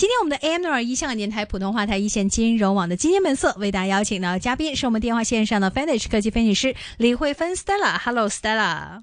今天，我們的 AMR 一向年台、普通話台一線金融網的今天門色為大家邀請的嘉賓是我們電話線上的 FinTech 科技分析師李慧芬 Stella。Hello，Stella。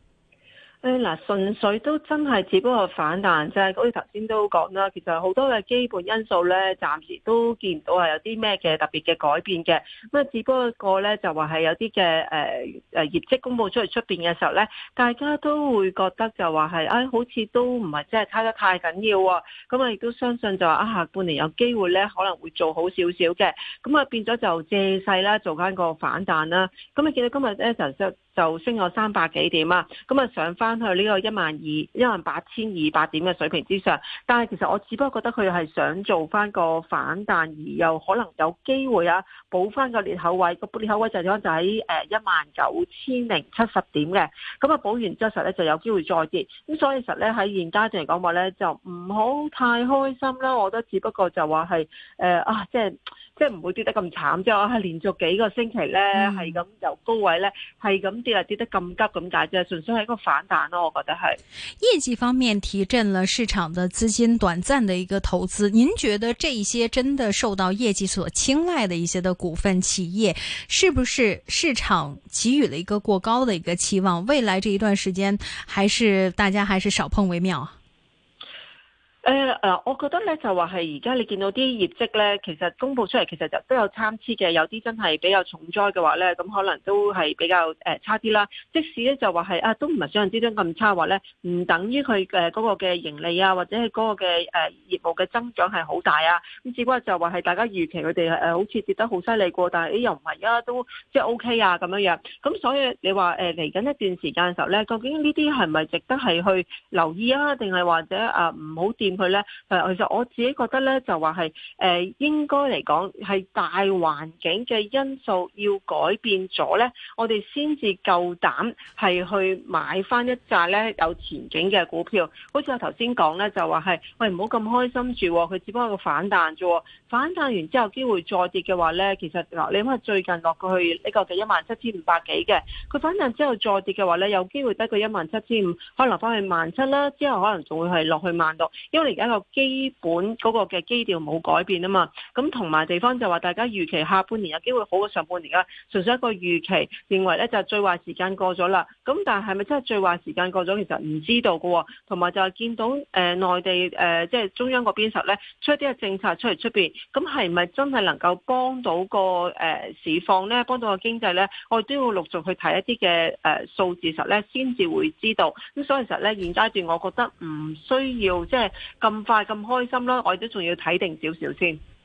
誒嗱、哎，純粹都真係只不過反彈啫，好似頭先都講啦，其實好多嘅基本因素咧，暫時都見唔到係有啲咩嘅特別嘅改變嘅，咁啊只不過咧就話係有啲嘅誒誒業績公佈出嚟出邊嘅時候咧，大家都會覺得就話係，哎，好似都唔係真係差得太緊要喎、啊，咁啊亦都相信就話啊下半年有機會咧可能會做好少少嘅，咁啊變咗就借勢啦，做返個反彈啦，咁啊見到今日咧就。就升咗三百幾點啊，咁啊上返去呢個一萬二、一萬八千二百點嘅水平之上，但係其實我只不過覺得佢係想做返個反彈，而又可能有機會啊，補返個裂口位。個裂口位就咗就喺一萬九千零七十點嘅，咁啊補完之後呢，咧就有機會再跌。咁所以其實咧喺現階段嚟講話咧，就唔好太開心啦。我覺得只不過就話係誒啊，即係。即係唔會跌得咁慘，即係我係連續幾個星期咧，係咁、嗯、由高位咧，係咁跌啊跌，跌，跌得咁急咁解啫，純粹係一個反彈咯、啊。我覺得係業績方面提振了市場的資金短暫的一個投資。您覺得這些真的受到業績所青睞的一些的股份企業，是不是市場給予了一個過高的一個期望？未來這一段時間，還是大家還是少碰為妙。呃、我覺得咧就話係而家你見到啲業績咧，其實公佈出嚟其實就都有參差嘅，有啲真係比較重災嘅話咧，咁可能都係比較、呃、差啲啦。即使咧就話係啊，都唔係想像之中咁差話咧，唔等於佢嘅嗰個嘅盈利啊，或者係嗰、嗰個嘅誒、呃、業務嘅增長係好大啊。咁只不過就話係大家預期佢哋好似跌得好犀利過，但係又唔係啊，都即係 OK 啊咁樣樣。咁所以你話嚟緊一段時間嘅時候咧，究竟呢啲係咪值得係去留意啊？定係或者啊唔好跌？佢咧，其實我自己覺得咧，就話係誒應該嚟講係大環境嘅因素要改變咗咧，我哋先至夠膽係去買翻一隻咧有前景嘅股票。好似我頭先講咧，就話係，喂，唔好咁開心住，佢只不過有個反彈啫，反彈完之後機會再跌嘅話咧，其實嗱，你諗下最近落過去呢個就一萬七千五百幾嘅，佢反彈之後再跌嘅話咧，有機會得過一萬七千五，可能翻去萬七啦，之後可能仲會係落去萬六，而家個基本嗰個嘅基調冇改變啊嘛，咁同埋地方就話大家預期下半年有機會好過上半年啦，純粹一個預期認為咧就係最壞時間過咗啦。咁但係咪真係最壞時間過咗，其實唔知道噶、哦。同埋就係見到誒內地誒即係中央嗰邊實咧出一啲嘅政策出嚟出邊，咁係咪真係能夠幫到個誒市況咧，幫到個經濟咧？我哋都要陸續去睇一啲嘅誒數字實咧，先至會知道。咁所以其實咧，現階段我覺得唔需要即係。就是咁快咁開心咯！我哋都仲要睇定少少先看看點點。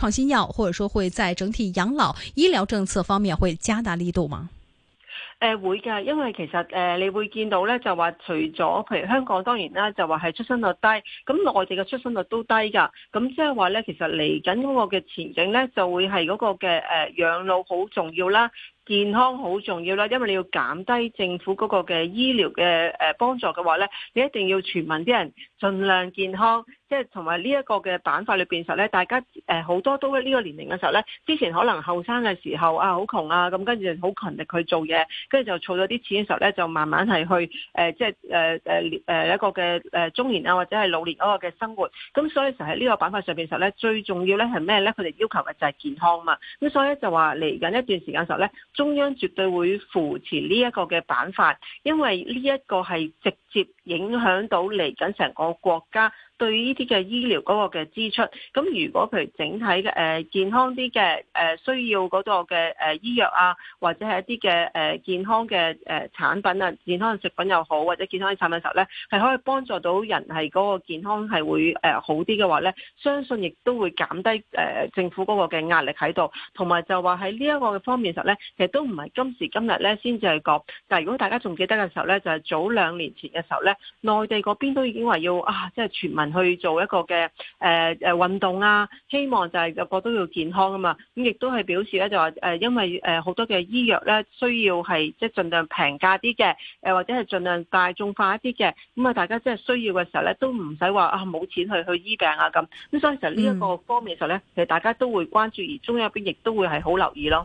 創新藥，或者說會在整體養老醫療政策方面會加大力度嗎？誒、呃、會噶，因為其實誒、呃、你會見到咧，就話除咗譬如香港當然啦，就話係出生率低，咁內地嘅出生率都低噶，咁即係話咧，其實嚟緊嗰個嘅前景咧，就會係嗰個嘅誒、呃、養老好重要啦。健康好重要啦，因為你要減低政府嗰個嘅醫療嘅誒幫助嘅話咧，你一定要全民啲人盡量健康，即係同埋呢一個嘅板塊裏邊時候咧，大家誒好多都喺呢個年齡嘅時候咧，之前可能後生嘅時候啊好窮啊，咁跟住好勤力去做嘢，跟住就儲咗啲錢嘅時候咧，就慢慢係去誒、呃、即係誒誒誒一個嘅誒中年啊或者係老年嗰個嘅生活，咁所以就喺呢個板塊上邊時候咧，最重要咧係咩咧？佢哋要求嘅就係、是、健康啊嘛，咁所以咧就話嚟緊一段時間時候咧。中央絕對會扶持呢一個嘅板塊，因為呢一個係直接影響到嚟緊成個國家。對於呢啲嘅醫療嗰個嘅支出，咁如果譬如整體嘅誒、呃、健康啲嘅誒需要嗰度嘅誒醫藥啊，或者係一啲嘅誒健康嘅誒產品啊，健康嘅食品又好，或者健康嘅產品時候咧，係可以幫助到人係嗰個健康係會、呃、好啲嘅話咧，相信亦都會減低誒、呃、政府嗰個嘅壓力喺度，同埋就話喺呢一個嘅方面時候咧，其實都唔係今時今日咧先至係講，但如果大家仲記得嘅時候咧，就係早兩年前嘅時候咧，內地嗰邊都已經話要啊，即係全民，去做一個嘅誒誒運動啊，希望就係個個都要健康啊嘛，咁亦都係表示咧就話誒，因為誒好多嘅醫藥咧需要係即係盡量平價啲嘅，誒或者係盡量大眾化一啲嘅，咁啊大家即係需要嘅時候咧都唔使話啊冇錢去去醫病啊咁，咁所以其實呢一個方面嘅時候咧，嗯、其實大家都會關注，而中央邊亦都會係好留意咯。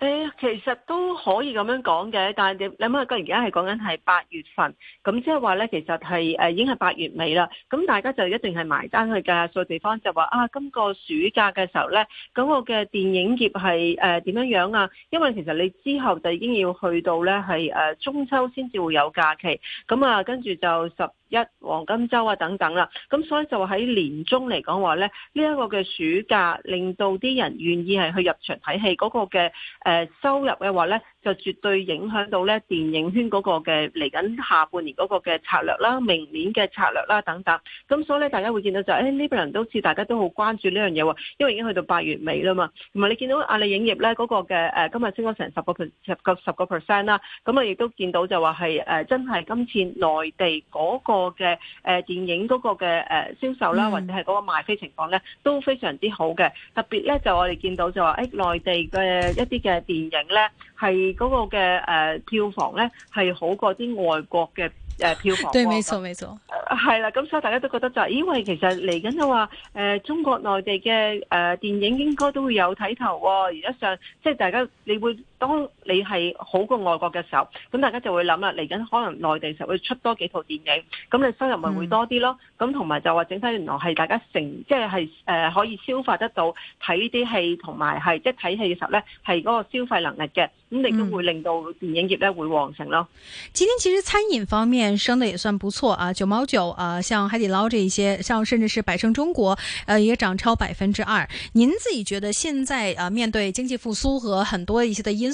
誒、欸，其實都可以咁樣講嘅，但係你諗下，而家係講緊係八月份，咁即係話咧，其實係誒、啊、已經係八月尾啦。咁大家就一定係埋單去㗎，有地方就話啊，今個暑假嘅時候咧，咁我嘅電影業係誒點樣樣啊？因為其實你之後就已經要去到咧係誒中秋先至會有假期，咁啊，跟住就十。一黃金周啊等等啦，咁所以就喺年中嚟講話咧，呢、這、一個嘅暑假令到啲人願意係去入場睇戲，嗰個嘅收入嘅話咧，就絕對影響到咧電影圈嗰個嘅嚟緊下半年嗰個嘅策略啦，明年嘅策略啦等等。咁所以咧，大家會見到就誒呢邊人都似大家都好關注呢樣嘢，因為已經去到八月尾啦嘛。同埋你見到阿里影業咧嗰個嘅今日升咗成十個 percent 十個 percent 啦，咁啊亦都見到就話係誒真係今次內地嗰、那個。個嘅誒電影嗰個嘅誒銷售啦，或者係嗰個賣飛情況咧，都非常之好嘅。特別咧就我哋見到就話，誒內地嘅一啲嘅電影咧，係嗰個嘅誒票房咧係好過啲外國嘅誒票房。對，冇錯，冇錯。係啦，咁所以大家都覺得就係，因為其實嚟緊都話，誒中國內地嘅誒電影應該都會有睇頭。而家上即係大家你會。當你係好過外國嘅時候，咁大家就會諗啦，嚟緊可能內地時候會出多幾套電影，咁你收入咪會多啲咯？咁同埋就話整體原來係大家成即係係誒可以消化得到睇啲戲同埋係即係睇戲嘅時候呢，係嗰個消費能力嘅，咁你都會令到電影業呢會旺盛咯。今天其實餐飲方面升得也算不錯啊，九毛九啊、呃，像海底撈這一些，像甚至是百勝中國，呃也漲超百分之二。您自己覺得現在啊面對經濟復甦和很多一些的因素。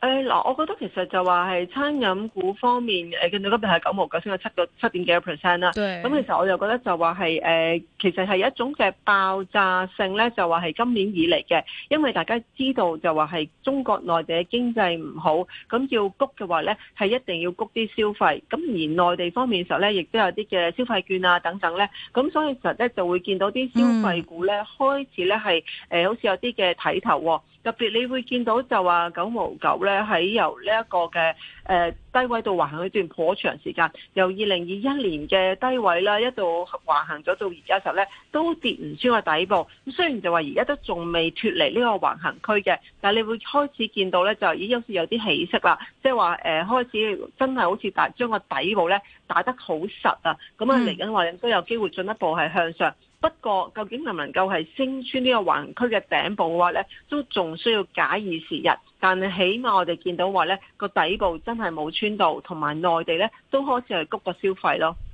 誒嗱、呃，我覺得其實就話係餐飲股方面，誒見到今日係九毛九，先，咗七個七點幾 percent 啦。咁其實我就覺得就話係誒，其實係一種嘅爆炸性咧，就話、是、係今年以嚟嘅，因為大家知道就話係中國內地嘅經濟唔好，咁要谷嘅話咧，係一定要谷啲消費。咁而內地方面時時候咧，亦都有啲嘅消費券啊等等咧，咁所以其實咧就會見到啲消費股咧、嗯、開始咧係、呃、好似有啲嘅睇頭喎、哦。特別你會見到就話九毛九咧，喺由呢一個嘅誒低位到橫行一段頗長時間，由二零二一年嘅低位啦，一度橫行咗到而家時候咧，都跌唔穿個底部。咁雖然就話而家都仲未脫離呢個橫行區嘅，但係你會開始見到咧，就已經有時有啲起色啦，即係話誒開始真係好似打將個底部咧打得好實啊！咁啊嚟緊話都有機會進一步係向上。嗯不過，究竟能唔能夠係升穿呢個橫區嘅頂部嘅話呢，都仲需要假以時日。但係起碼我哋見到話呢個底部真係冇穿到，同埋內地呢都開始係谷個消費咯。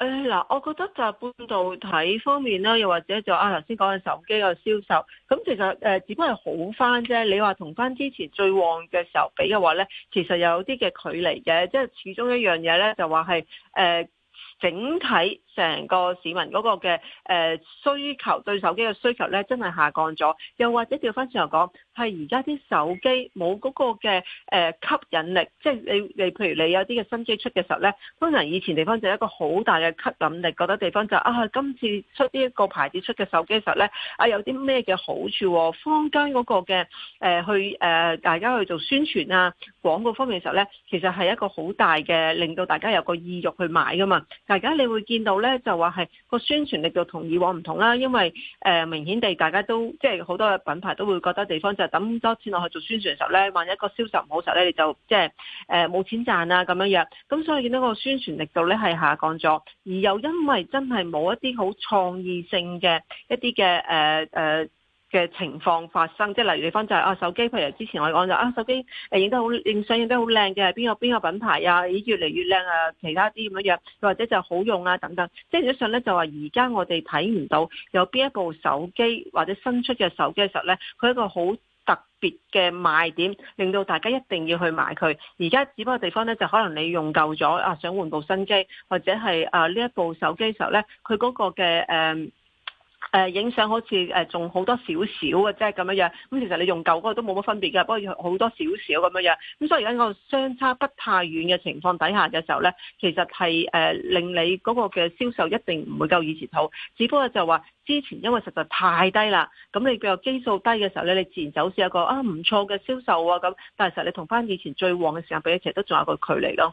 誒嗱、哎，我覺得就係半導體方面啦，又或者就啊，頭先講嘅手機個銷售，咁其實誒、呃、只不過係好翻啫。你話同翻之前最旺嘅時候比嘅話咧，其實有啲嘅距離嘅，即、就、係、是、始終一樣嘢咧，就話係誒。呃整體成個市民嗰個嘅誒需求對手機嘅需求咧，真係下降咗。又或者調翻轉頭講，係而家啲手機冇嗰個嘅誒吸引力，即係你你譬如你有啲嘅新機出嘅時候咧，通常以前地方就係一個好大嘅吸引力。覺得地方就是、啊，今次出呢一個牌子出嘅手機嘅時候咧，啊有啲咩嘅好處？坊間嗰個嘅誒、呃、去誒、呃、大家去做宣傳啊、廣告方面嘅時候咧，其實係一個好大嘅令到大家有個意欲去買噶嘛。大家你會見到咧，就話係個宣傳力度同以往唔同啦，因為誒、呃、明顯地大家都即係好多嘅品牌都會覺得地方就係抌多錢落去做宣傳時候咧，萬一，一個銷售唔好時候咧，你就即係誒冇錢賺啊咁樣樣，咁所以見到個宣傳力度咧係下降咗，而又因為真係冇一啲好創意性嘅一啲嘅誒誒。呃呃嘅情況發生，即係例如地方就係啊手機，譬如之前我講就啊手機誒，影得好，影相影得好靚嘅邊個邊個品牌啊，越嚟越靚啊，其他啲咁樣樣，或者就好用啊等等。即係總之上咧就話，而家我哋睇唔到有邊一部手機或者新出嘅手機嘅時候咧，佢一個好特別嘅賣點，令到大家一定要去買佢。而家只不過地方咧就可能你用夠咗啊，想換部新機，或者係啊呢一部手機嘅時候咧，佢嗰個嘅誒，影相好似誒，仲好多少少嘅啫，咁樣樣，咁其實你用舊嗰個都冇乜分別嘅，不過好多少少咁樣樣，咁所以而家嗰個相差不太遠嘅情況底下嘅時候咧，其實係誒令你嗰個嘅銷售一定唔會夠以前好，只不過就話之前因為實在太低啦，咁你比較基數低嘅時候咧，你自然就好似有個啊唔錯嘅銷售啊咁，但係其實你同翻以前最旺嘅時間比，其實都仲有一個距離咯。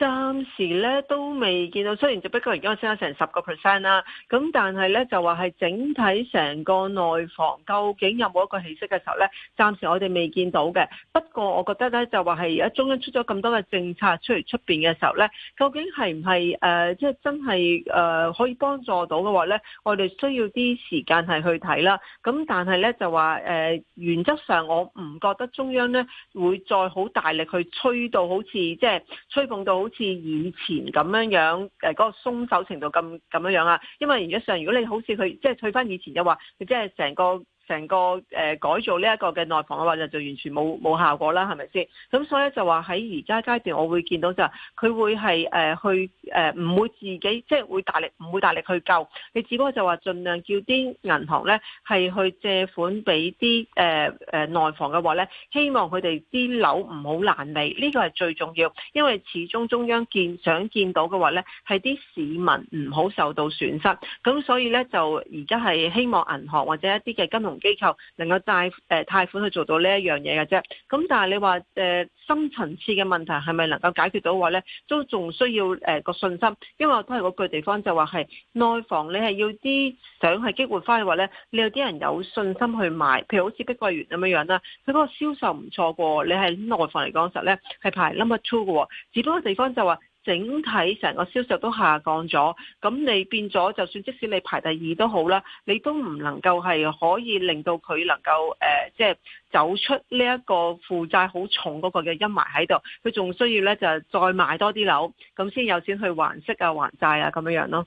暫時咧都未見到，雖然比人就不過而家升咗成十個 percent 啦，咁但係咧就話係整體成個內房究竟有冇一個起色嘅時候咧，暫時我哋未見到嘅。不過我覺得咧就話係而家中央出咗咁多嘅政策出嚟出面嘅時候咧，究竟係唔係誒即係真係誒、呃、可以幫助到嘅話咧，我哋需要啲時間係去睇啦。咁但係咧就話誒、呃、原則上我唔覺得中央咧會再好大力去吹到好似即係吹捧到好。好似以前咁樣樣，誒，嗰個鬆手程度咁咁樣樣啊，因為原則上如果你好似佢，即係退翻以前就話，佢即係成個。成個誒、呃、改造呢一個嘅內房嘅話就就完全冇冇效果啦，係咪先？咁所以就話喺而家階段，我會見到就佢會係誒、呃、去誒唔、呃、會自己即係會大力唔會大力去救，你只不過就話盡量叫啲銀行咧係去借款俾啲誒誒內房嘅話咧，希望佢哋啲樓唔好爛尾，呢、呢個係最重要，因為始終中央見想見到嘅話咧係啲市民唔好受到損失，咁所以咧就而家係希望銀行或者一啲嘅金融。機構能夠貸誒、呃、貸款去做到呢一樣嘢嘅啫，咁但係你話誒、呃、深層次嘅問題係咪能夠解決到嘅話咧？都仲需要誒、呃、個信心，因為我都係嗰句地方就話係內房你，你係要啲想係激活翻嘅話咧，你有啲人有信心去買，譬如好似碧桂園咁樣樣啦，佢嗰個銷售唔錯喎，你係內房嚟講實咧係排 number two 嘅喎，只不過地方就話。整體成個銷售都下降咗，咁你變咗就算即使你排第二都好啦，你都唔能夠係可以令到佢能夠誒，即、呃、係、就是、走出呢一個負債好重嗰個嘅陰霾喺度，佢仲需要咧就再買多啲樓，咁先有錢去還息啊、還債啊咁樣樣咯。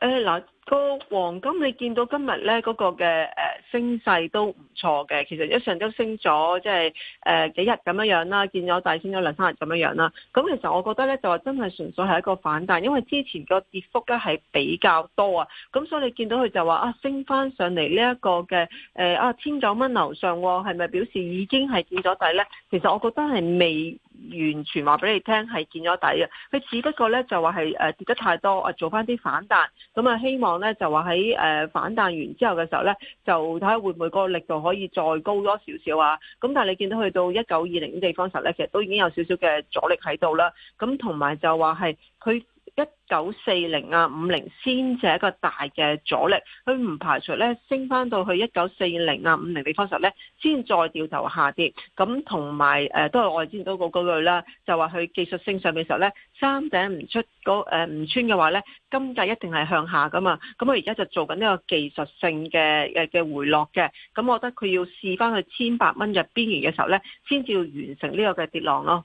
誒，嗱、呃嗰個黃金你見到今日咧嗰個嘅誒升勢都唔錯嘅，其實一上都升咗即係誒、呃、幾日咁樣咁樣啦，見咗大升咗兩三日咁樣樣啦。咁其實我覺得咧就話真係純粹係一個反彈，因為之前個跌幅咧係比較多啊，咁所以你見到佢就話啊升翻上嚟呢一個嘅誒啊千九蚊樓上係咪表示已經係見咗底咧？其實我覺得係未。完全話俾你聽係見咗底嘅。佢只不過咧就話係、呃、跌得太多，做翻啲反彈，咁啊希望咧就話喺、呃、反彈完之後嘅時候咧，就睇下會唔會個力度可以再高多少少啊！咁但係你見到去到一九二零嘅地方時候咧，其實都已經有少少嘅阻力喺度啦。咁同埋就話係佢。一九四零啊五零先至係一個大嘅阻力，佢唔排除咧升翻到去一九四零啊五零嘅地方時候咧，先再掉頭下跌。咁同埋誒都係我哋之前都講嗰句啦，就話佢技術性上嘅時候咧，三頂唔出嗰唔、呃、穿嘅話咧，金價一定係向下噶嘛。咁我而家就在做緊呢個技術性嘅嘅嘅回落嘅。咁我覺得佢要試翻去千八蚊入邊緣嘅時候咧，先至要完成呢個嘅跌浪咯。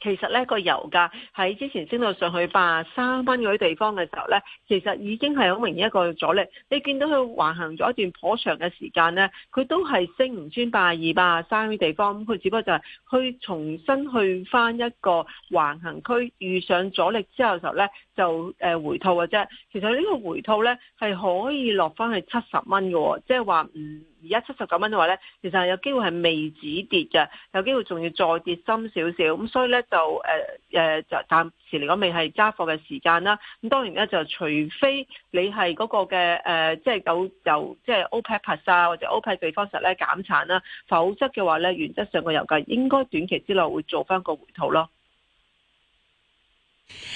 其實咧個油價喺之前升到上去八十三蚊嗰啲地方嘅時候咧，其實已經係好明顯一個阻力。你見到佢橫行咗一段頗長嘅時間咧，佢都係升唔穿八十二、八十三呢啲地方，佢只不過就係去重新去返一個橫行區，遇上阻力之後嘅時候咧。就誒回吐嘅啫，其實呢個回吐咧係可以落翻去七十蚊嘅，即係話唔而家七十九蚊嘅話咧，其實係有機會係未止跌嘅，有機會仲要再跌深少少，咁所以咧就誒就暫時嚟講未係揸貨嘅時間啦。咁當然咧就除非你係嗰個嘅誒、呃，即係有即係 OPEC、Plus 啊，或者 OPEC 地方實咧減產啦，否則嘅話咧，原則上個油價應該短期之內會做翻個回吐咯。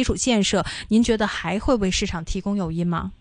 基礎建設，您覺得還會為市場提供誘因嗎？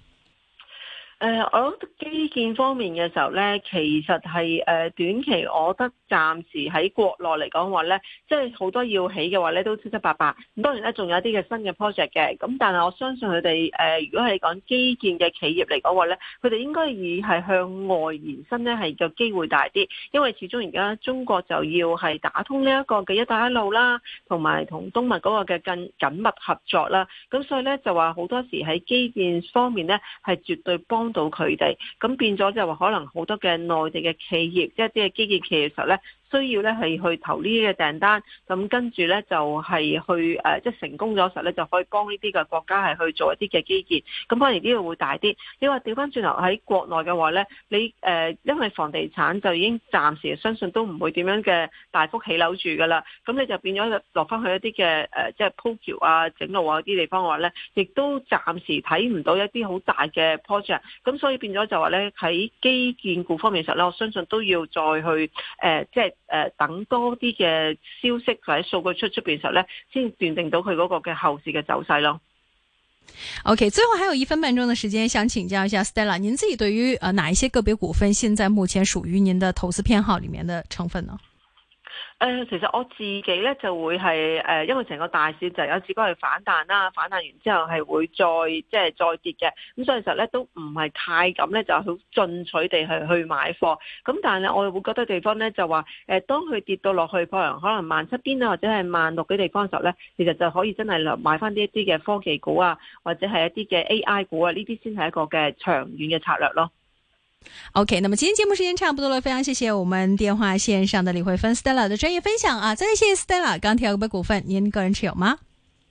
誒、呃，我諗基建方面嘅時候咧，其實係誒、呃、短期，我覺得暫時喺國內嚟講話咧，即係好多要起嘅話咧都七七八八。咁當然咧，仲有啲嘅新嘅 project 嘅，咁但係我相信佢哋誒，如果係講基建嘅企業嚟講話咧，佢哋應該以係向外延伸咧，係個機會大啲。因為始終而家中國就要係打通呢一個嘅一帶一路啦，同埋同東盟嗰個嘅更緊密合作啦。咁所以咧就話好多時喺基建方面咧係絕對幫，到佢哋，咁變咗就話可能好多嘅內地嘅企業，即、即係、一啲嘅基建企業，嘅時候咧。需要咧係去投呢啲嘅訂單，咁跟住咧就係去誒、即係成功咗時候咧就可以幫呢啲嘅國家係去做一啲嘅基建。咁當然呢個會大啲。你話調翻轉頭喺國內嘅話咧，你誒、呃、因為房地產就已經暫時相信都唔會點樣嘅大幅起樓住㗎啦。咁你就變咗落翻去一啲嘅、呃、即係鋪橋啊、整路啊啲地方嘅話咧，亦都暫時睇唔到一啲好大嘅 project。咁所以變咗就話咧喺基建股方面嘅時候咧，我相信都要再去誒、呃，即係呃、等多啲嘅消息或者數據出出邊時候呢，先斷定到佢嗰個嘅後市嘅走勢咯。OK，最後還有一分半鐘嘅時間，想請教一下 Stella，您自己對於啊，哪一些個別股份，現在目前屬於您的投資偏好裡面的成分呢？誒、呃，其實我自己咧就會係誒、呃，因為成個大市就有次過係反彈啦，反彈完之後係會再即係再跌嘅，咁所以其實咧都唔係太敢咧，就好進取地去去買貨。咁但係我會覺得地方咧就話誒、呃，當佢跌到落去，可能可能萬七邊啊，或者係萬六嘅地方時候咧，其實就可以真係買翻啲一啲嘅科技股啊，或者係一啲嘅 AI 股啊，呢啲先係一個嘅長遠嘅策略咯。OK，那麼今天節目時間差不多了，非常謝謝我們電話線上的李慧芬 Stella 的專業分享啊，再謝謝 Stella。剛提到嘅股份，您個人持有嗎？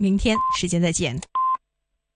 明天時間再見。